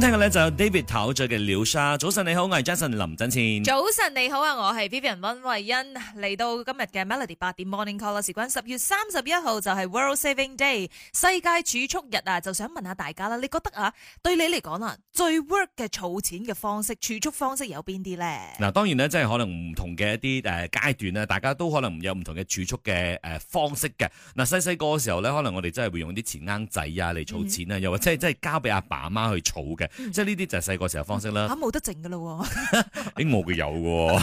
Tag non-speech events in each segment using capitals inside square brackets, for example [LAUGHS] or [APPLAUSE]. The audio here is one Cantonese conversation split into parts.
聽嘅咧，就 David 陶醉嘅廖沙，早晨你好，我係 Jason 林振倩。早晨你好啊，我係 Vivian 溫慧欣。嚟到今日嘅 Melody 八點 Morning Call 啦，事關十月三十一號就係 World Saving Day 世界儲蓄日啊，就想問下大家啦，你覺得啊，對你嚟講啊，最 work 嘅儲錢嘅方式儲蓄方式有邊啲咧？嗱，當然咧，即係可能唔同嘅一啲誒階段啦，大家都可能有唔同嘅儲蓄嘅誒方式嘅。嗱，細細個嘅時候咧，可能我哋真係會用啲錢罌仔啊嚟儲錢啊、嗯，又或者係即係交俾阿爸阿媽去儲嘅。即係呢啲就係細個時候方式啦。嚇、啊，冇得剩㗎咯喎，應 [LAUGHS] 該有嘅喎，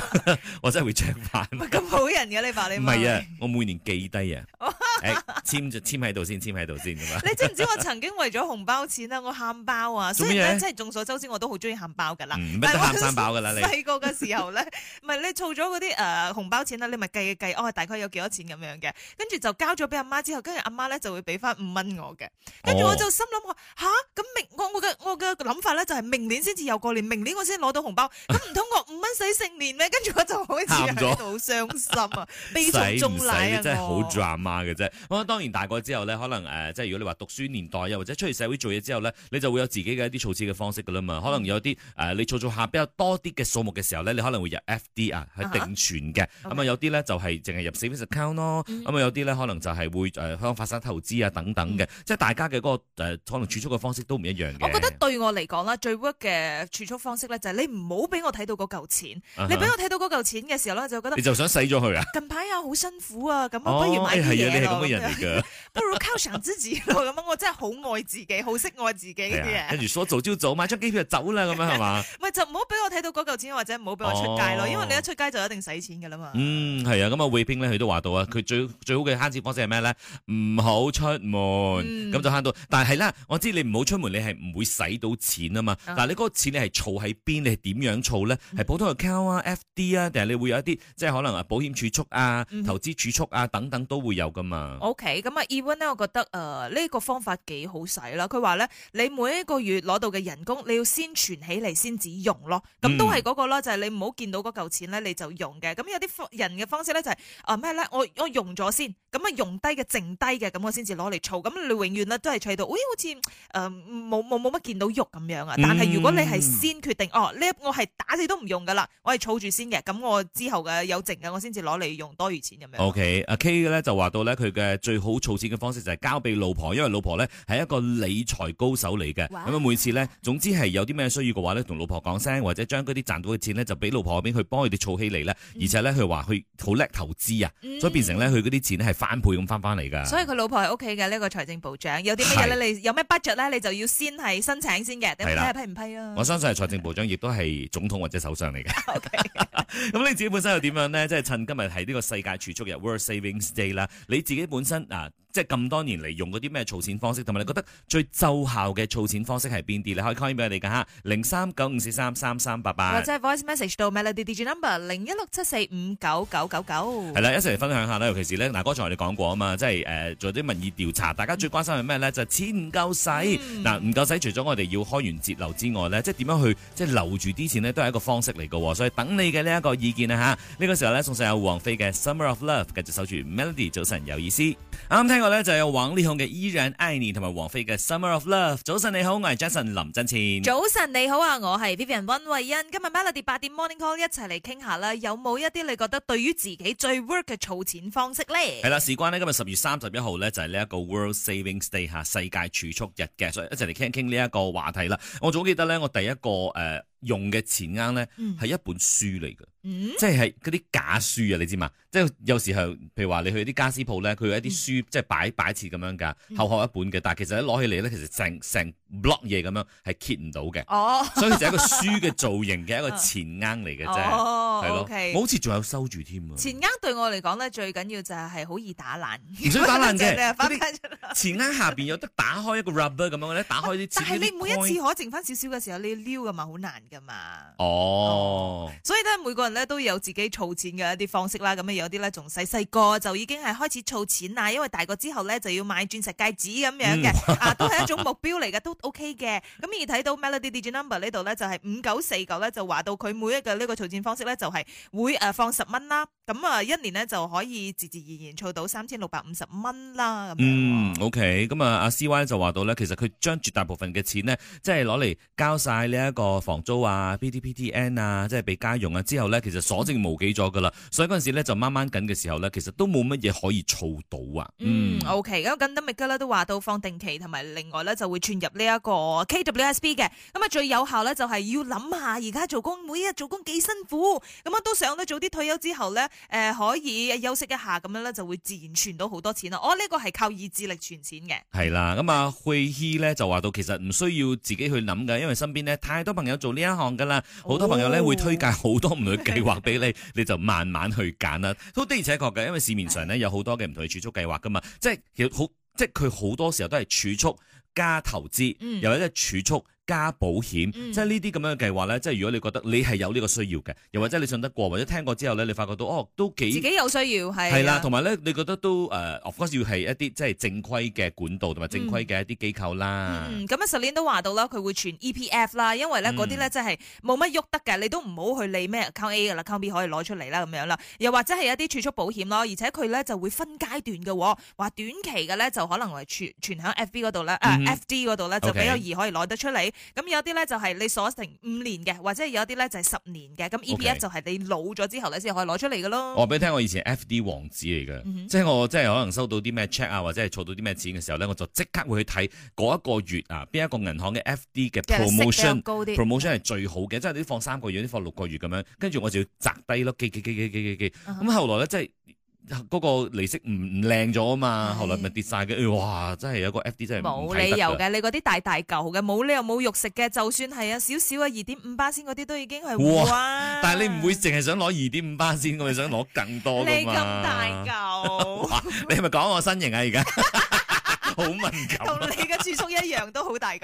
[LAUGHS] 我真係會唱返。咁好人嘅你話你唔係啊？我每年記低啊。 [LAUGHS] 簽住簽喺度先，簽喺度先咁啊！你知唔知我曾經為咗紅包錢啊，我喊包啊！所以咧，即係眾所周知，我都好中意喊包噶啦。唔係喊包噶啦， [LAUGHS] 你細個嘅時候咧，唔係你儲咗嗰啲誒紅包錢啦，你咪計一計，我、哦、大概有幾多錢咁樣嘅，跟住就交咗俾阿媽之後，跟住阿媽咧就會俾翻五蚊我嘅，跟住我就心諗吓，咁、啊、明我我嘅我嘅諗法咧就係明年先至又過年，明年我先攞到紅包，咁唔通過五蚊使成年咩？跟住我就好似喺度好傷心 [LAUGHS] 啊！中唔使真係好 drama 嘅啫？咁、嗯、啊，當然大個之後咧，可能誒、呃，即係如果你話讀書年代又或者出嚟社會做嘢之後咧，你就會有自己嘅一啲儲錢嘅方式噶啦嘛。可能有啲誒、呃，你儲儲下比較多啲嘅數目嘅時候咧，你可能會入 FD 啊，喺定存嘅。咁、uh-huh. 啊、okay. 嗯，有啲咧就係淨係入 saving account 咯。咁啊，有啲咧可能就係會誒、呃、發生投資啊等等嘅，uh-huh. 即係大家嘅嗰、那個可能、呃、儲蓄嘅方式都唔一樣。我覺得對我嚟講啦，最 work 嘅儲蓄方式咧，就係你唔好俾我睇到嗰嚿錢。Uh-huh. 你俾我睇到嗰嚿錢嘅時候咧，就覺得你就想使咗佢啊？近排啊，好辛苦啊，咁不如買啲嘢咯 [LAUGHS] 人 [LAUGHS] 不如靠上自己咁啊！ [LAUGHS] 我真係好愛自己，好識愛自己嘅跟住所走朝早，早，早買張機票就走啦，咁樣係嘛？唔 [LAUGHS] 係就唔好俾我睇到嗰嚿錢，或者唔好俾我出街咯、哦。因為你一出街就一定使錢噶啦嘛。嗯，係啊。咁啊，惠平咧，佢都話到啊，佢最最好嘅慳錢方式係咩咧？唔好出門，咁、嗯、就慳到。但係咧，我知你唔好出門，你係唔會使到錢啊嘛。嗱、嗯，你嗰個錢你係儲喺邊？你係點樣儲咧？係普通嘅卡啊、F D 啊，定係你會有一啲即係可能啊保險儲蓄啊、投資儲蓄啊等等都會有噶嘛。OK，咁啊，even 咧，我覺得誒呢、呃這個方法幾好使啦。佢話咧，你每一個月攞到嘅人工，你要先存起嚟先至用咯。咁、嗯、都係嗰、那個啦，就係、是、你唔好見到嗰嚿錢咧，你就用嘅。咁有啲人嘅方式咧、就是，就係誒咩咧，我我用咗先。咁啊，用低嘅剩低嘅，咁我先至攞嚟儲。咁你永遠咧都係儲到，咦、哎，好似誒冇冇冇乜見到肉咁樣啊？但係如果你係先決定，嗯、哦，呢我係打死都唔用噶啦，我係儲住先嘅。咁我之後嘅有剩嘅，我先至攞嚟用多餘錢咁樣。O、okay, K，阿 K 嘅咧就話到咧，佢嘅最好儲錢嘅方式就係交俾老婆，因為老婆咧係一個理財高手嚟嘅。咁啊，每次咧，總之係有啲咩需要嘅話咧，同老婆講聲，或者將嗰啲賺到嘅錢咧，就俾老婆嗰邊去幫佢哋儲起嚟咧。而且咧，佢話佢好叻投資啊，所以變成咧，佢嗰啲錢咧係。反倍咁翻翻嚟噶，所以佢老婆係屋企嘅呢個財政部長，有啲乜嘢咧？你有咩 budget 咧？你就要先係申請先嘅，睇下批唔批啊？我相信係財政部長，亦都係總統或者首相嚟嘅。咁你自己本身又點樣咧？即係趁今日係呢個世界儲蓄日 （World Savings Day） 啦，你自己本身嗱。啊即係咁多年嚟用嗰啲咩儲錢方式，同埋你覺得最奏效嘅儲錢方式係邊啲？你可以 call 翻俾我哋噶吓，零三九五四三三三八八，或者 voice message 到 melody digital number 零一六七四五九九九九。係啦，一齊嚟分享下啦，尤其是咧，嗱，哥在你講過啊嘛，即係誒、呃、做啲民意調查，大家最關心係咩呢？就是、錢唔夠使，嗱、嗯，唔夠使，除咗我哋要開源節流之外呢，即係點樣去即係留住啲錢呢？都係一個方式嚟噶。所以等你嘅呢一個意見啊吓，呢、這個時候呢，送上有王菲嘅 Summer of Love，跟住守住 Melody 早晨有意思，啱聽。呢日咧就有王力宏嘅《依然愛你》同埋王菲嘅《Summer of Love》。早晨你好，我係 Jason 林振前。早晨你好啊，我係 Vivian 溫慧欣。今日 Melody 八點 Morning Call 一齊嚟傾下啦，有冇一啲你覺得對於自己最 work 嘅儲錢方式咧？係啦，事關呢。今日十月三十一號咧就係呢一個 World Savings Day 吓世界儲蓄日嘅，所以一齊嚟傾一傾呢一個話題啦。我總記得咧，我第一個誒。呃用嘅錢啱咧，係一本書嚟嘅、嗯，即係嗰啲假書啊！你知嘛？即係有時候，譬如話你去啲家私鋪咧，佢有一啲書，嗯、即係擺擺設咁樣噶，厚厚一本嘅，但係其實一攞起嚟咧，其實成成。唔落嘢咁樣，係揭唔到嘅。哦，所以就係一個書嘅造型嘅 [LAUGHS] 一個錢罌嚟嘅啫，係、哦、咯。哦 okay，好似仲有收住添啊。錢罌對我嚟講咧，最緊要就係好易打爛。唔使打爛嘅 [LAUGHS] 錢罌下邊有得打開一個 rubber 咁樣嘅咧，打開啲。但係你每一次可剩翻少少嘅時候，你撩㗎嘛好難㗎嘛哦。哦。所以咧，每個人咧都有自己儲錢嘅一啲方式啦。咁樣有啲咧仲細細個就已經係開始儲錢啦，因為大個之後咧就要買鑽石戒指咁樣嘅。啊，都係一種目標嚟嘅，都。O.K. 嘅，咁而睇到 Melody Digital Number 呢度咧，就係五九四九咧，就話到佢每一個呢個儲錢方式咧，就係會誒放十蚊啦，咁啊一年咧就可以自自然然儲到三千六百五十蚊啦。嗯，嗯，O.K. 咁啊，阿 C.Y. 就話到咧，其實佢將絕大部分嘅錢呢，即係攞嚟交晒呢一個房租啊、P.T.P.T.N. 啊，即係俾家用啊，之後咧其實所剩無幾咗噶啦，所以嗰陣時咧就掹掹緊嘅時候咧，其實都冇乜嘢可以儲到啊。嗯，嗯，O.K. 咁咁得 m i c 都話到放定期同埋另外咧就會存入呢。一個 KWSB 嘅咁啊，最有效咧就係要諗下而家做工，每日做工幾辛苦，咁啊都想咧早啲退休之後咧，誒、呃、可以休息一下咁樣咧，就會自然存到好多錢咯。我、哦、呢、這個係靠意志力存錢嘅，係啦。咁、嗯嗯、啊，惠姨咧就話到其實唔需要自己去諗噶，因為身邊咧太多朋友做呢一項噶啦，好多朋友咧、哦、會推介好多唔同嘅計劃俾你， [LAUGHS] 你就慢慢去揀啦。都的而且確嘅，因為市面上咧有好多嘅唔同嘅儲蓄計劃噶嘛，即係好，即係佢好多時候都係儲蓄。加投資，嗯又一個儲蓄。加保險，即係呢啲咁樣嘅計劃咧，即係如果你覺得你係有呢個需要嘅，又或者你信得過，或者聽過之後咧，你發覺到哦，都幾自己有需要係係啦，同埋咧，你覺得都誒，嗰、uh, of course 要係一啲即係正規嘅管道同埋正規嘅一啲機構啦。嗯，咁、嗯、啊，十年都話到啦，佢會存 E P F 啦，因為咧嗰啲咧即係冇乜喐得嘅，你都唔好去理咩 Account A 嘅啦 Account B 可以攞出嚟啦咁樣啦。又或者係一啲儲蓄保險咯，而且佢咧就會分階段嘅，話短期嘅咧就可能係存存喺 F B 嗰度咧，F D 嗰度咧就比較易可以攞得出嚟。咁有啲咧就係你鎖成五年嘅，或者有啲咧就係十年嘅。咁 E P F 就係你老咗之後咧先可以攞出嚟嘅咯。Okay. 我俾你聽，我以前 F D 王子嚟嘅，mm-hmm. 即係我即係可能收到啲咩 check 啊，或者係儲到啲咩錢嘅時候咧，我就即刻會去睇嗰一個月啊，邊一個銀行嘅 F D 嘅 promotion，promotion 係最好嘅，嗯，即係你啲放三個月，啲放六個月咁樣，跟住我就要摘低咯，咁，uh-huh. 後來咧即係。嗰、嗰個利息唔唔靚咗啊嘛，後來咪跌晒嘅，哇！真係有個 FD 真係冇理由嘅，你嗰啲大大嚿嘅，冇理由冇肉食嘅，就算係啊少少啊二點五巴仙嗰啲，都已經係、啊、哇！但係你唔會淨係想攞二點五巴仙，我哋想攞更多嘅。 [LAUGHS] 你咁大嚿，你係咪講我身形啊？而家？好敏感， [LAUGHS] 同你嘅儲蓄一樣 [LAUGHS] 都好很大嚿。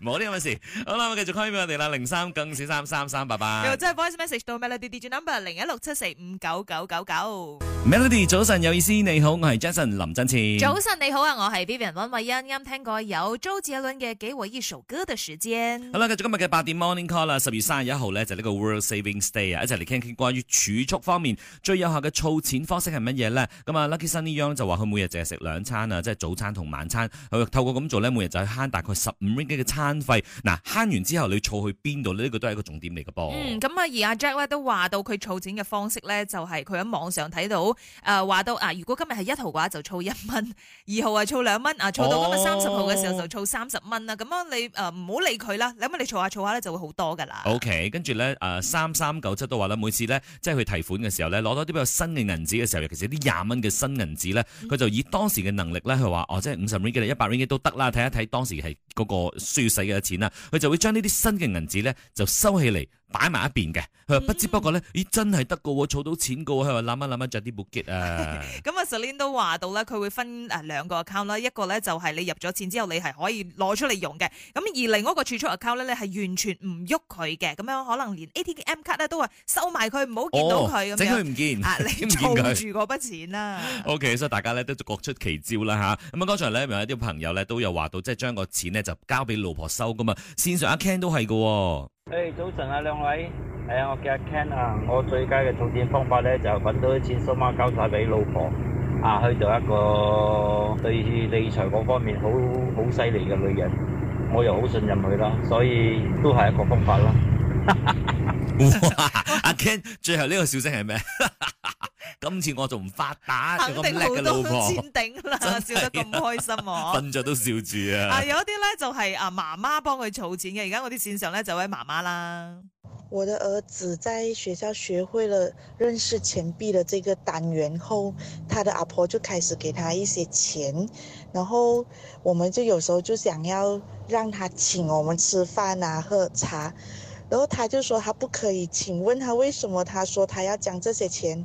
冇呢咁嘅事。好啦，我繼續區俾我哋啦，零三更小三三三，八八。又真係 voice message 到咩咧？D D G number 零一六七四五九九九九。Melody，早晨有意思，你好，我係 Jason 林振前。早晨你好啊，我係 Vivian 溫慧欣。啱聽過有周杰倫嘅《給我一首歌的時間》。好啦，繼續今天的日嘅八點 Morning Call 啦，十月三十一號呢，就呢、係、個 World Saving Day 啊，一齊嚟傾一傾關於儲蓄方面最有效嘅儲錢方式係乜嘢呢？咁啊，Lucky Sun 呢樣就話佢每日淨係食兩餐啊，即係早餐同。同晚餐，透過咁做咧，每日就係慳大概十五蚊嘅餐費。嗱，慳完之後你儲去邊度咧？呢、呢個都係一個重點嚟嘅噃。嗯，咁啊，而阿 Jack 咧都話到佢儲錢嘅方式咧，就係佢喺網上睇到，誒、呃、話到啊，如果今日係一號嘅話，2號就儲一蚊；二號啊儲兩蚊；啊儲到今日三十號嘅時候就儲三十蚊啦。咁、哦、啊，樣你誒唔好理佢啦，咁你你儲下儲下咧就會好多㗎啦。OK，跟住咧誒三三九七都話咧，每次咧即係佢提款嘅時候咧，攞到啲比較新嘅銀紙嘅時候，尤其是啲廿蚊嘅新銀紙咧，佢、嗯、就以當時嘅能力咧，佢話即係五十 ringgit 一百 ringgit 都得啦，睇一睇當時，係嗰個需要使嘅錢啦，佢就會將，呢啲新嘅銀紙咧就收起嚟。擺埋一邊嘅，佢不知不覺咧，咦、欸、真係得個，儲到錢個，佢話諗一諗一着啲木屐啊。咁、嗯、啊，Selina 都話到咧，佢會分誒兩個 account 啦，一個咧就係你入咗錢之後，你係可以攞出嚟用嘅。咁而另一個儲蓄 account 咧，你係完全唔喐佢嘅。咁樣可能連 ATM 卡咧都話收埋佢，唔好見到佢咁、哦、樣，整佢唔見，啊、你儲住嗰筆錢啦、啊。OK，所以大家咧都各出奇招啦吓。咁啊，剛、啊、才咧有一啲朋友咧都有話到，即係將個錢咧就交俾老婆收噶嘛，線上 account 都係噶。誒、hey，早晨啊，兩位，欸、我叫阿 Ken 啊，我最佳嘅儲錢方法咧，就係揾到一錢，數碼交曬俾老婆啊，去做一個對理財嗰方面好好犀利嘅女人，我又好信任佢啦，所以都係一個方法啦。 [LAUGHS] 哇！阿、 [LAUGHS] 啊、Ken，最後呢個笑聲係咩？ [LAUGHS] 今次我就唔發達，肯定好多錢頂啦，笑得咁開心喎。瞓 [LAUGHS] 着都笑住啊！有啲呢，就係、是、啊媽媽幫佢儲錢嘅。而家我啲先生咧就位媽媽啦。我的兒子在學校學會了認識錢幣的這個單元後，他的阿婆就開始給他一些錢，然後我們就有時候就想要讓他請我們吃飯啊、喝茶，然後他就說他不可以。請問他為什麼？他說他要將這些錢。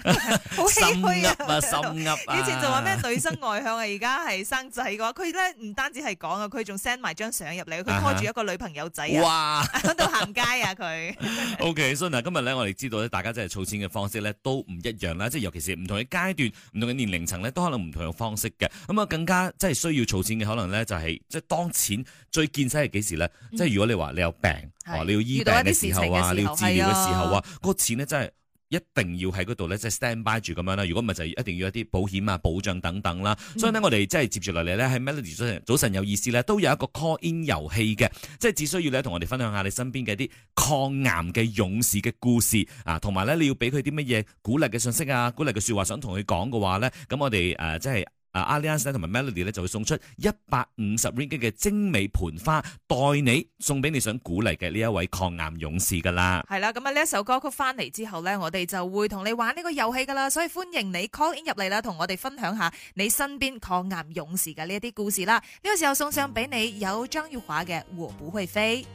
好唏噓啊！ [LAUGHS] 以前就話咩女生外向啊，而家係生仔嘅話，佢咧唔單止係講啊，佢仲 send 埋張相入嚟，佢拖住一個女朋友仔哇，喺度行街啊佢。OK，所以嗱，今日咧我哋知道咧，大家真係儲錢嘅方式咧都唔一樣啦，即係尤其是唔同嘅階段、唔同嘅年齡層咧，都可能唔同嘅方式嘅。咁啊，更加即係需要儲錢嘅可能咧，就係即係當錢最見使係幾時咧？即、嗯、係、就是、如果你話你有病你要醫病嘅時候啊，你要治療嘅時候啊，嗰、那個錢咧真係。一定要喺嗰度咧，即係 stand by 住咁樣啦。如果唔係，就一定要一啲保險啊、保障等等啦、嗯。所以咧，我哋即係接住落嚟咧，喺 Melody 早晨有意思咧，都有一個 call in 遊戲嘅，即係只需要你咧同我哋分享下你身邊嘅啲抗癌嘅勇士嘅故事啊，同埋咧你要俾佢啲乜嘢鼓勵嘅信息啊、鼓勵嘅説話，話，想同佢講嘅話咧，咁我哋誒即係。阿 Alia 同埋 Melody 咧就會送出一百五十 ringgit 嘅精美盆花，代你送俾你想鼓勵嘅呢一位抗癌勇士噶啦。係啦，咁啊呢一首歌曲翻嚟之後咧，我哋就會同你玩呢個遊戲噶啦，所以歡迎你 call in 入嚟啦，同我哋分享下你身邊抗癌勇士嘅呢一啲故事啦。呢、這個時候送上俾你有張玉華嘅和不會飛。